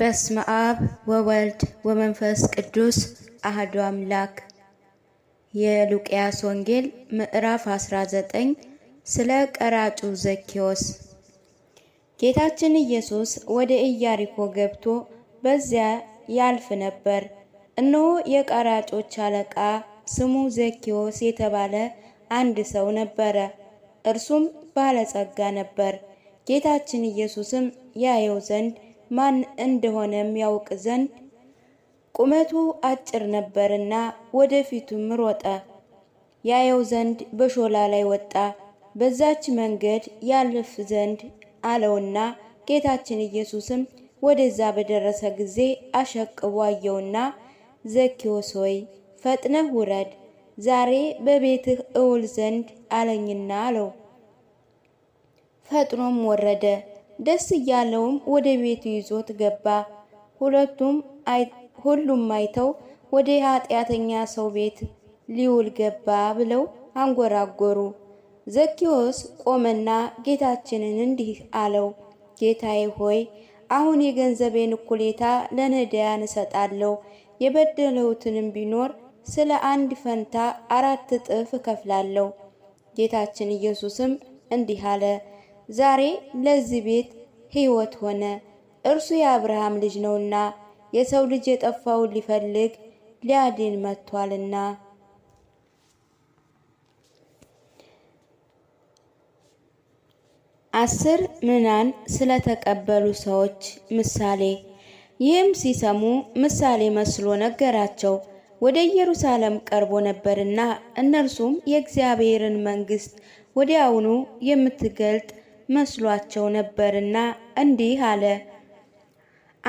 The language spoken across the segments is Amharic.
በስመ አብ ወወልድ ወመንፈስ ቅዱስ አህዶ አምላክ። የሉቅያስ ወንጌል ምዕራፍ 19 ስለ ቀራጩ ዘኬዎስ። ጌታችን ኢየሱስ ወደ ኢያሪኮ ገብቶ በዚያ ያልፍ ነበር። እነሆ የቀራጮች አለቃ ስሙ ዘኬዎስ የተባለ አንድ ሰው ነበረ። እርሱም ባለጸጋ ነበር። ጌታችን ኢየሱስም ያየው ዘንድ ማን እንደሆነም ያውቅ ዘንድ ቁመቱ አጭር ነበርና ወደፊቱም ሮጠ። ያየው ዘንድ በሾላ ላይ ወጣ። በዛች መንገድ ያልፍ ዘንድ አለውና ጌታችን ኢየሱስም ወደዛ በደረሰ ጊዜ አሸቅቦ አየውና ዘኪዎስ ሆይ ፈጥነህ ውረድ፣ ዛሬ በቤትህ እውል ዘንድ አለኝና አለው። ፈጥኖም ወረደ። ደስ እያለውም ወደ ቤቱ ይዞት ገባ። ሁለቱም ሁሉም አይተው ወደ ኃጢአተኛ ሰው ቤት ሊውል ገባ ብለው አንጎራጎሩ። ዘኪዎስ ቆመና ጌታችንን እንዲህ አለው፣ ጌታዬ ሆይ አሁን የገንዘቤን እኩሌታ ለነዳያን እሰጣለሁ፣ የበደለውትንም ቢኖር ስለ አንድ ፈንታ አራት እጥፍ እከፍላለሁ። ጌታችን ኢየሱስም እንዲህ አለ ዛሬ ለዚህ ቤት ሕይወት ሆነ። እርሱ የአብርሃም ልጅ ነውና የሰው ልጅ የጠፋውን ሊፈልግ ሊያድን መጥቷልና። አስር ምናን ስለተቀበሉ ሰዎች ምሳሌ። ይህም ሲሰሙ ምሳሌ መስሎ ነገራቸው። ወደ ኢየሩሳሌም ቀርቦ ነበርና እነርሱም የእግዚአብሔርን መንግሥት ወዲያውኑ የምትገልጥ መስሏቸው ነበርና እንዲህ አለ።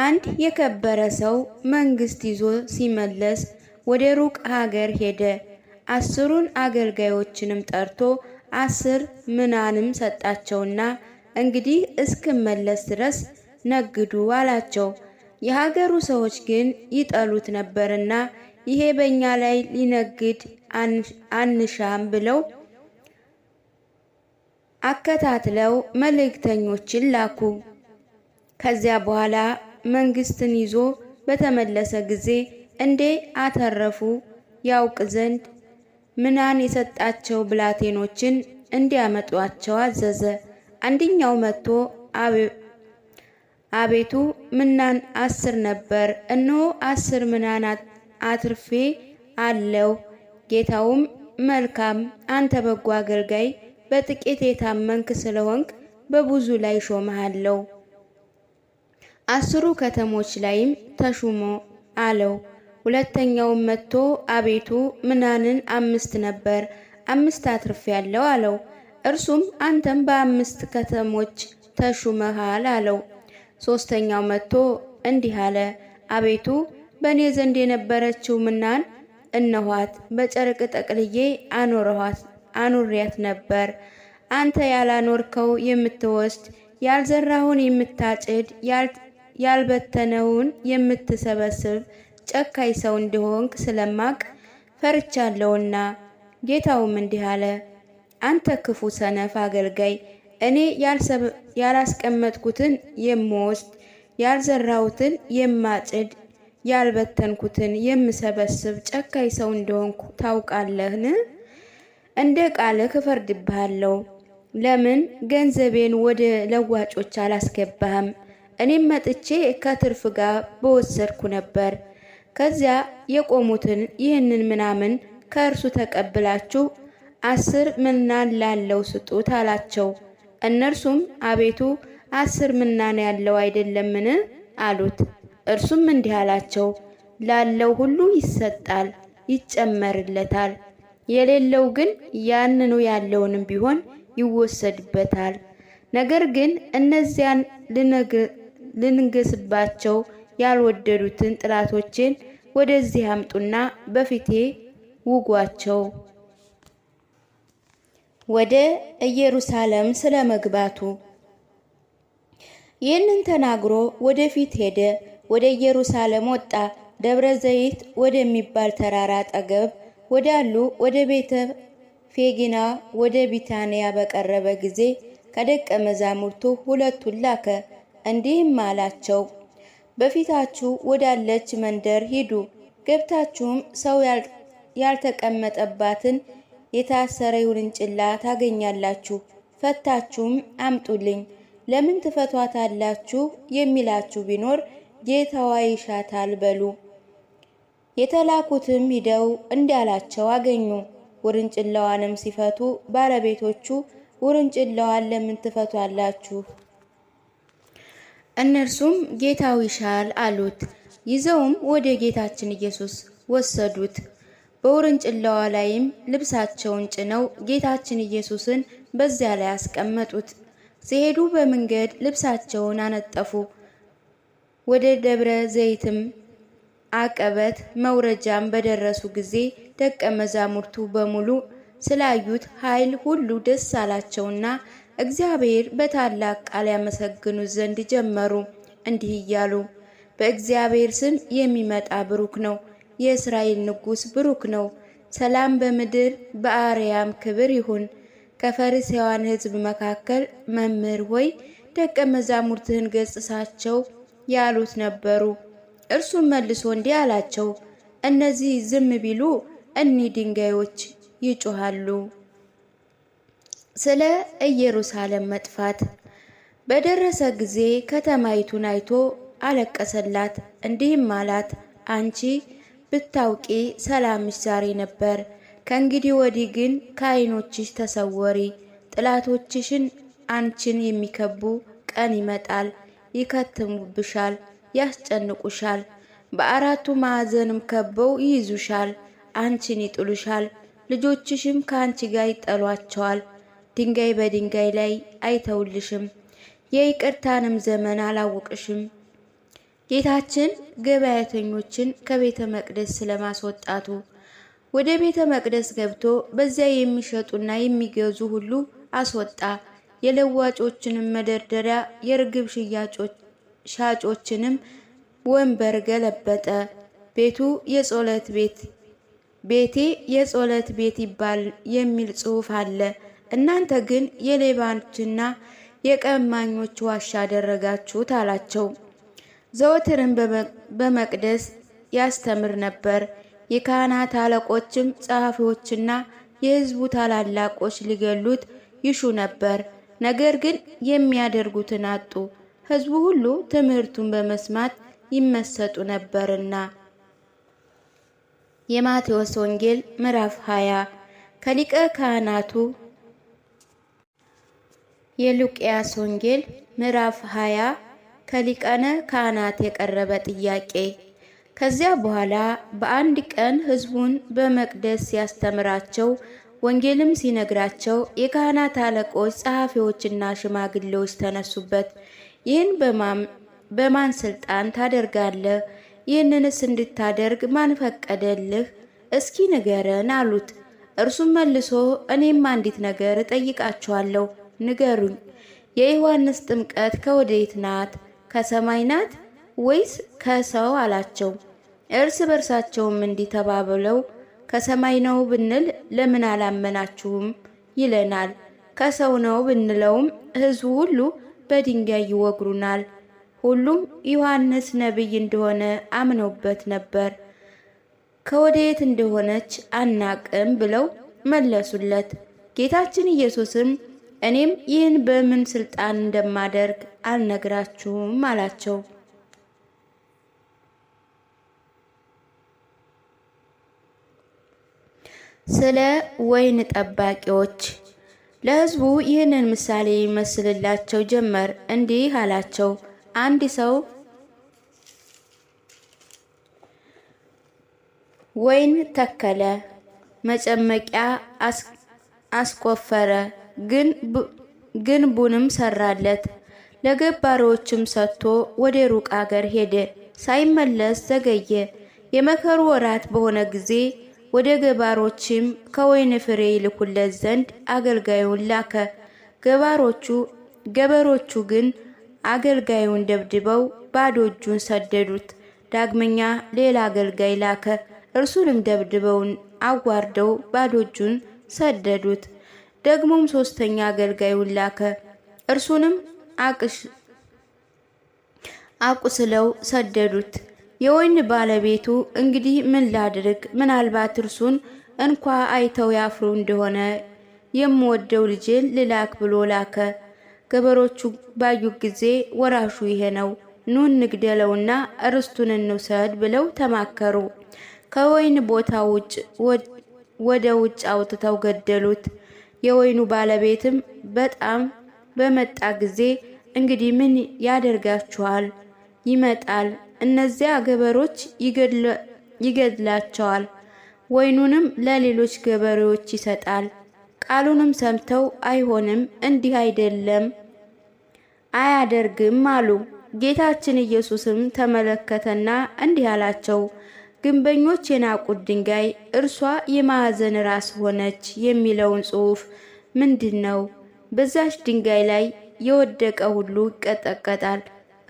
አንድ የከበረ ሰው መንግስት ይዞ ሲመለስ ወደ ሩቅ ሀገር ሄደ። አስሩን አገልጋዮችንም ጠርቶ አስር ምናንም ሰጣቸውና እንግዲህ እስክመለስ ድረስ ነግዱ አላቸው። የሀገሩ ሰዎች ግን ይጠሉት ነበርና ይሄ በእኛ ላይ ሊነግድ አንሻም ብለው አከታትለው መልእክተኞችን ላኩ። ከዚያ በኋላ መንግስትን ይዞ በተመለሰ ጊዜ እንዴ አተረፉ ያውቅ ዘንድ ምናን የሰጣቸው ብላቴኖችን እንዲያመጧቸው አዘዘ። አንደኛው መጥቶ አቤቱ ምናን አስር ነበር፣ እነሆ አስር ምናን አትርፌ አለው። ጌታውም መልካም አንተ በጎ አገልጋይ በጥቂት የታመንክ ስለሆንክ በብዙ ላይ ሾመሃለው፣ አስሩ ከተሞች ላይም ተሹሞ አለው። ሁለተኛውም መጥቶ አቤቱ ምናንን አምስት ነበር፣ አምስት አትርፍ ያለው አለው። እርሱም አንተም በአምስት ከተሞች ተሹመሃል አለው። ሶስተኛው መጥቶ እንዲህ አለ፣ አቤቱ በእኔ ዘንድ የነበረችው ምናን እነኋት፣ በጨርቅ ጠቅልዬ አኖረኋት አኑሪያት ነበር። አንተ ያላኖርከው የምትወስድ፣ ያልዘራሁን የምታጭድ፣ ያልበተነውን የምትሰበስብ ጨካኝ ሰው እንደሆንክ ስለማቅ ፈርቻለሁና። ጌታውም እንዲህ አለ፣ አንተ ክፉ ሰነፍ አገልጋይ፣ እኔ ያላስቀመጥኩትን የምወስድ፣ ያልዘራሁትን የማጭድ፣ ያልበተንኩትን የምሰበስብ ጨካኝ ሰው እንደሆንኩ ታውቃለህን? እንደ ቃልህ እፈርድብሃለሁ። ለምን ገንዘቤን ወደ ለዋጮች አላስገባህም? እኔም መጥቼ ከትርፍ ጋር በወሰድኩ ነበር። ከዚያ የቆሙትን ይህንን ምናምን ከእርሱ ተቀብላችሁ አስር ምናን ላለው ስጡት አላቸው። እነርሱም አቤቱ አስር ምናን ያለው አይደለምን አሉት። እርሱም እንዲህ አላቸው፣ ላለው ሁሉ ይሰጣል ይጨመርለታል የሌለው ግን ያንኑ ያለውንም ቢሆን ይወሰድበታል። ነገር ግን እነዚያን ልንገስባቸው ያልወደዱትን ጥላቶችን ወደዚህ አምጡና በፊቴ ውጓቸው። ወደ ኢየሩሳሌም ስለ መግባቱ ይህንን ተናግሮ ወደፊት ሄደ። ወደ ኢየሩሳሌም ወጣ። ደብረ ዘይት ወደሚባል ተራራ አጠገብ ወዳሉ ወደ ቤተ ፌጌና ወደ ቢታንያ በቀረበ ጊዜ ከደቀ መዛሙርቱ ሁለቱን ላከ፣ እንዲህም አላቸው፣ በፊታችሁ ወዳለች መንደር ሂዱ፣ ገብታችሁም ሰው ያልተቀመጠባትን የታሰረ ውርንጭላ ታገኛላችሁ፣ ፈታችሁም አምጡልኝ። ለምን ትፈቷታላችሁ የሚላችሁ ቢኖር ጌታዋ ይሻታል በሉ። የተላኩትም ሂደው እንዳላቸው አገኙ። ውርንጭላዋንም ሲፈቱ ባለቤቶቹ ውርንጭላዋን ለምን ትፈቷላችሁ? እነርሱም ጌታው ይሻል አሉት። ይዘውም ወደ ጌታችን ኢየሱስ ወሰዱት። በውርንጭላዋ ላይም ልብሳቸውን ጭነው ጌታችን ኢየሱስን በዚያ ላይ አስቀመጡት። ሲሄዱ በመንገድ ልብሳቸውን አነጠፉ። ወደ ደብረ ዘይትም አቀበት መውረጃም በደረሱ ጊዜ ደቀ መዛሙርቱ በሙሉ ስላዩት ኃይል ሁሉ ደስ አላቸውና እግዚአብሔር በታላቅ ቃል ያመሰግኑት ዘንድ ጀመሩ፣ እንዲህ እያሉ በእግዚአብሔር ስም የሚመጣ ብሩክ ነው፣ የእስራኤል ንጉሥ ብሩክ ነው። ሰላም በምድር በአርያም ክብር ይሁን። ከፈሪሳውያን ሕዝብ መካከል መምህር ሆይ ደቀ መዛሙርትህን ገጽሳቸው ያሉት ነበሩ። እርሱም መልሶ እንዲህ አላቸው፣ እነዚህ ዝም ቢሉ እኒህ ድንጋዮች ይጮሃሉ። ስለ ኢየሩሳሌም መጥፋት በደረሰ ጊዜ ከተማይቱን አይቶ አለቀሰላት፣ እንዲህም አላት፣ አንቺ ብታውቂ ሰላምሽ ዛሬ ነበር። ከእንግዲህ ወዲህ ግን ከዓይኖችሽ ተሰወሪ። ጥላቶችሽን አንቺን የሚከቡ ቀን ይመጣል፣ ይከትሙብሻል፣ ያስጨንቁሻል። በአራቱ ማዕዘንም ከበው ይይዙሻል፣ አንቺን ይጥሉሻል። ልጆችሽም ከአንቺ ጋር ይጠሏቸዋል። ድንጋይ በድንጋይ ላይ አይተውልሽም። የይቅርታንም ዘመን አላወቅሽም። ጌታችን ገበያተኞችን ከቤተ መቅደስ ስለማስወጣቱ ወደ ቤተ መቅደስ ገብቶ በዚያ የሚሸጡና የሚገዙ ሁሉ አስወጣ። የለዋጮችንም መደርደሪያ፣ የርግብ ሽያጮች ሻጮችንም ወንበር ገለበጠ። ቤቱ የጸሎት ቤት ቤቴ የጸሎት ቤት ይባል የሚል ጽሑፍ አለ። እናንተ ግን የሌባዎችና የቀማኞች ዋሻ አደረጋችሁት አላቸው። ዘወትርን በመቅደስ ያስተምር ነበር። የካህናት አለቆችም ጸሐፊዎችና የሕዝቡ ታላላቆች ሊገሉት ይሹ ነበር። ነገር ግን የሚያደርጉትን አጡ። ሕዝቡ ሁሉ ትምህርቱን በመስማት ይመሰጡ ነበርና። የማቴዎስ ወንጌል ምዕራፍ 20 ከሊቀ ካህናቱ የሉቂያስ ወንጌል ምዕራፍ 20 ከሊቀነ ካህናት የቀረበ ጥያቄ። ከዚያ በኋላ በአንድ ቀን ሕዝቡን በመቅደስ ሲያስተምራቸው ወንጌልም ሲነግራቸው የካህናት አለቆች፣ ጸሐፊዎችና ሽማግሌዎች ተነሱበት። ይህን በማን ስልጣን ታደርጋለህ? ይህንንስ እንድታደርግ ማን ፈቀደልህ? እስኪ ንገረን አሉት። እርሱም መልሶ እኔም አንዲት ነገር እጠይቃችኋለሁ፣ ንገሩኝ። የዮሐንስ ጥምቀት ከወዴት ናት? ከሰማይ ናት ወይስ ከሰው አላቸው። እርስ በርሳቸውም እንዲህ ተባብለው ከሰማይ ነው ብንል ለምን አላመናችሁም ይለናል፣ ከሰው ነው ብንለውም ሕዝቡ ሁሉ በድንጋይ ይወግሩናል። ሁሉም ዮሐንስ ነቢይ እንደሆነ አምነውበት ነበር። ከወደየት እንደሆነች አናቅም ብለው መለሱለት። ጌታችን ኢየሱስም እኔም ይህን በምን ስልጣን እንደማደርግ አልነግራችሁም አላቸው። ስለ ወይን ጠባቂዎች ለሕዝቡ ይህንን ምሳሌ ይመስልላቸው ጀመር፣ እንዲህ አላቸው። አንድ ሰው ወይን ተከለ፣ መጨመቂያ አስቆፈረ፣ ግንቡንም ሰራለት። ለገባሪዎችም ሰጥቶ ወደ ሩቅ አገር ሄደ። ሳይመለስ ዘገየ። የመከሩ ወራት በሆነ ጊዜ ወደ ገባሮችም ከወይን ፍሬ ይልኩለት ዘንድ አገልጋዩን ላከ። ገባሮቹ ገበሮቹ ግን አገልጋዩን ደብድበው ባዶ እጁን ሰደዱት። ዳግመኛ ሌላ አገልጋይ ላከ። እርሱንም ደብድበውን አዋርደው ባዶ እጁን ሰደዱት። ደግሞም ሶስተኛ አገልጋዩን ላከ። እርሱንም አቁስለው ሰደዱት። የወይን ባለቤቱ እንግዲህ ምን ላድርግ፣ ምናልባት እርሱን እንኳ አይተው ያፍሩ እንደሆነ የምወደው ልጅን ልላክ ብሎ ላከ። ገበሮቹ ባዩ ጊዜ ወራሹ ይሄ ነው፣ ኑ እንግደለውና ርስቱን እንውሰድ ብለው ተማከሩ። ከወይን ቦታ ውጭ ወደ ውጭ አውጥተው ገደሉት። የወይኑ ባለቤትም በጣም በመጣ ጊዜ እንግዲህ ምን ያደርጋችኋል? ይመጣል እነዚያ ገበሮች ይገድላቸዋል፣ ወይኑንም ለሌሎች ገበሬዎች ይሰጣል። ቃሉንም ሰምተው አይሆንም፣ እንዲህ አይደለም፣ አያደርግም አሉ። ጌታችን ኢየሱስም ተመለከተና እንዲህ አላቸው፣ ግንበኞች የናቁት ድንጋይ እርሷ የማዕዘን ራስ ሆነች የሚለውን ጽሑፍ ምንድን ነው? በዛች ድንጋይ ላይ የወደቀ ሁሉ ይቀጠቀጣል።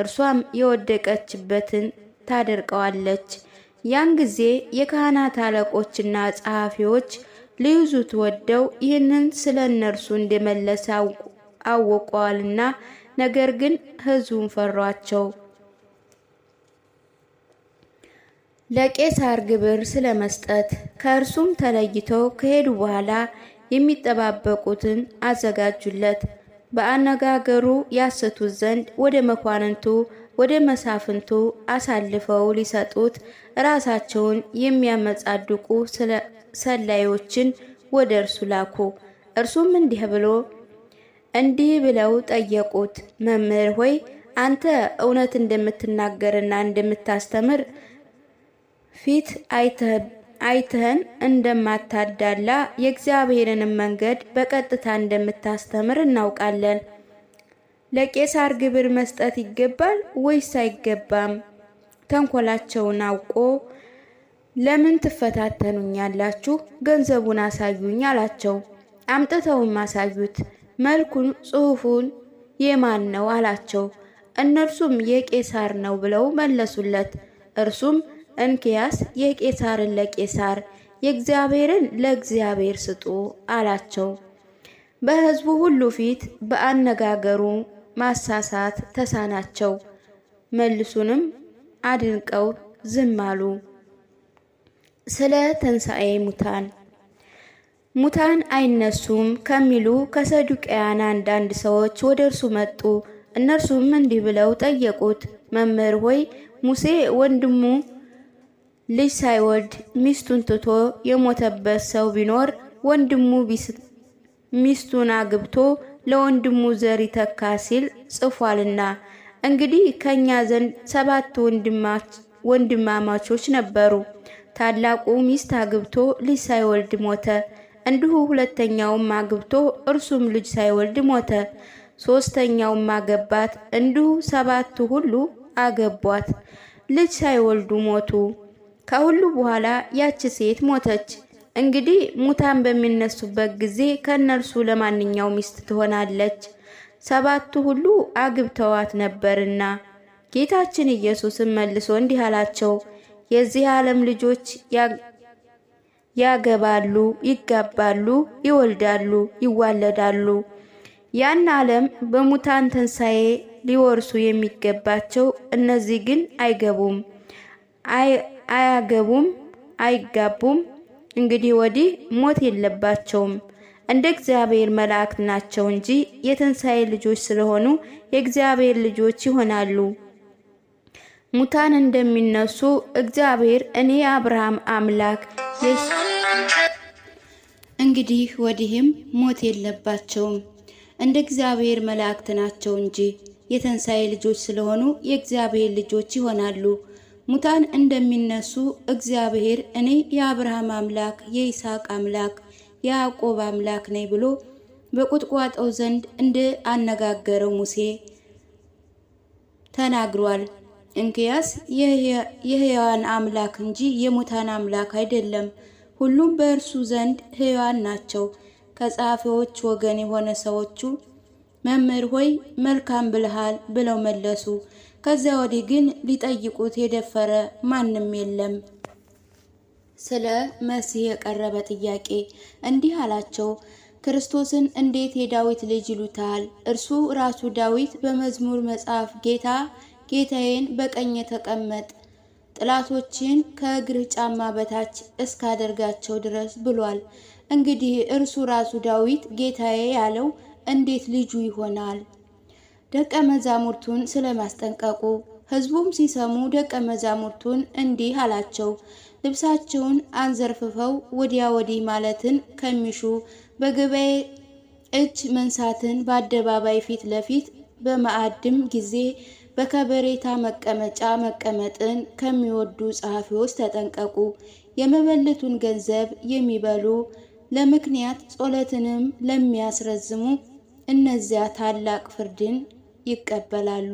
እርሷም የወደቀችበትን ታደርቀዋለች። ያን ጊዜ የካህናት አለቆችና ጸሐፊዎች ሊይዙት ወደው ይህንን ስለ እነርሱ እንደመለሰ አወቀዋልና፣ ነገር ግን ሕዝቡን ፈሯቸው። ለቄሳር ግብር ስለ መስጠት ከእርሱም ተለይተው ከሄዱ በኋላ የሚጠባበቁትን አዘጋጁለት። በአነጋገሩ ያሰቱት ዘንድ ወደ መኳንንቱ ወደ መሳፍንቱ አሳልፈው ሊሰጡት ራሳቸውን የሚያመጻድቁ ሰላዮችን ወደ እርሱ ላኩ። እርሱም እንዲህ ብሎ እንዲህ ብለው ጠየቁት፣ መምህር ሆይ አንተ እውነት እንደምትናገርና እንደምታስተምር ፊት አይተህ አይተህን እንደማታዳላ የእግዚአብሔርንም መንገድ በቀጥታ እንደምታስተምር እናውቃለን። ለቄሳር ግብር መስጠት ይገባል ወይስ አይገባም? ተንኮላቸውን አውቆ ለምን ትፈታተኑኛላችሁ? ገንዘቡን አሳዩኝ አላቸው። አምጥተውም አሳዩት። መልኩን፣ ጽሑፉን የማን ነው አላቸው። እነርሱም የቄሳር ነው ብለው መለሱለት። እርሱም እንኪያስ የቄሳርን ለቄሳር የእግዚአብሔርን ለእግዚአብሔር ስጡ አላቸው። በሕዝቡ ሁሉ ፊት በአነጋገሩ ማሳሳት ተሳናቸው። መልሱንም አድንቀው ዝም አሉ። ስለ ተንሣኤ ሙታን ሙታን አይነሱም ከሚሉ ከሰዱቅያን አንዳንድ ሰዎች ወደ እርሱ መጡ። እነርሱም እንዲህ ብለው ጠየቁት፣ መምህር ሆይ ሙሴ ወንድሙ ልጅ ሳይወልድ ሚስቱን ትቶ የሞተበት ሰው ቢኖር ወንድሙ ሚስቱን አግብቶ ለወንድሙ ዘር ይተካ ሲል ጽፏልና። እንግዲህ ከእኛ ዘንድ ሰባት ወንድማማቾች ነበሩ። ታላቁ ሚስት አግብቶ ልጅ ሳይወልድ ሞተ። እንዲሁ ሁለተኛውም አግብቶ እርሱም ልጅ ሳይወልድ ሞተ። ሶስተኛውም አገባት። እንዲሁ ሰባቱ ሁሉ አገቧት፣ ልጅ ሳይወልዱ ሞቱ። ከሁሉ በኋላ ያቺ ሴት ሞተች። እንግዲህ ሙታን በሚነሱበት ጊዜ ከእነርሱ ለማንኛው ሚስት ትሆናለች። ሰባቱ ሁሉ አግብተዋት ነበርና። ጌታችን ኢየሱስም መልሶ እንዲህ አላቸው፣ የዚህ ዓለም ልጆች ያገባሉ፣ ይጋባሉ፣ ይወልዳሉ፣ ይዋለዳሉ። ያን ዓለም በሙታን ትንሣኤ ሊወርሱ የሚገባቸው እነዚህ ግን አይገቡም አያገቡም፣ አይጋቡም፣ እንግዲህ ወዲህ ሞት የለባቸውም። እንደ እግዚአብሔር መላእክት ናቸው እንጂ የትንሣኤ ልጆች ስለሆኑ የእግዚአብሔር ልጆች ይሆናሉ። ሙታን እንደሚነሱ እግዚአብሔር እኔ የአብርሃም አምላክ እንግዲህ ወዲህም ሞት የለባቸውም እንደ እግዚአብሔር መላእክት ናቸው እንጂ የትንሣኤ ልጆች ስለሆኑ የእግዚአብሔር ልጆች ይሆናሉ። ሙታን እንደሚነሱ እግዚአብሔር እኔ የአብርሃም አምላክ የይስሐቅ አምላክ የያዕቆብ አምላክ ነኝ ብሎ በቁጥቋጦው ዘንድ እንደ አነጋገረው ሙሴ ተናግሯል። እንኪያስ የሕያዋን አምላክ እንጂ የሙታን አምላክ አይደለም፣ ሁሉም በእርሱ ዘንድ ሕያዋን ናቸው። ከጸሐፊዎች ወገን የሆነ ሰዎቹ መምህር ሆይ መልካም ብልሃል ብለው መለሱ። ከዚያ ወዲህ ግን ሊጠይቁት የደፈረ ማንም የለም። ስለ መሲህ የቀረበ ጥያቄ እንዲህ አላቸው። ክርስቶስን እንዴት የዳዊት ልጅ ይሉታል? እርሱ ራሱ ዳዊት በመዝሙር መጽሐፍ ጌታ ጌታዬን በቀኝ ተቀመጥ፣ ጥላቶችን ከእግርህ ጫማ በታች እስካደርጋቸው ድረስ ብሏል። እንግዲህ እርሱ ራሱ ዳዊት ጌታዬ ያለው እንዴት ልጁ ይሆናል? ደቀ መዛሙርቱን ስለማስጠንቀቁ ህዝቡም ሲሰሙ ደቀ መዛሙርቱን እንዲህ አላቸው፣ ልብሳቸውን አንዘርፍፈው ወዲያ ወዲህ ማለትን ከሚሹ በገበያ እጅ መንሳትን በአደባባይ ፊት ለፊት በማዕድም ጊዜ በከበሬታ መቀመጫ መቀመጥን ከሚወዱ ጸሐፊዎች ተጠንቀቁ። የመበለቱን ገንዘብ የሚበሉ ለምክንያት ጾለትንም ለሚያስረዝሙ እነዚያ ታላቅ ፍርድን ይቀበላሉ።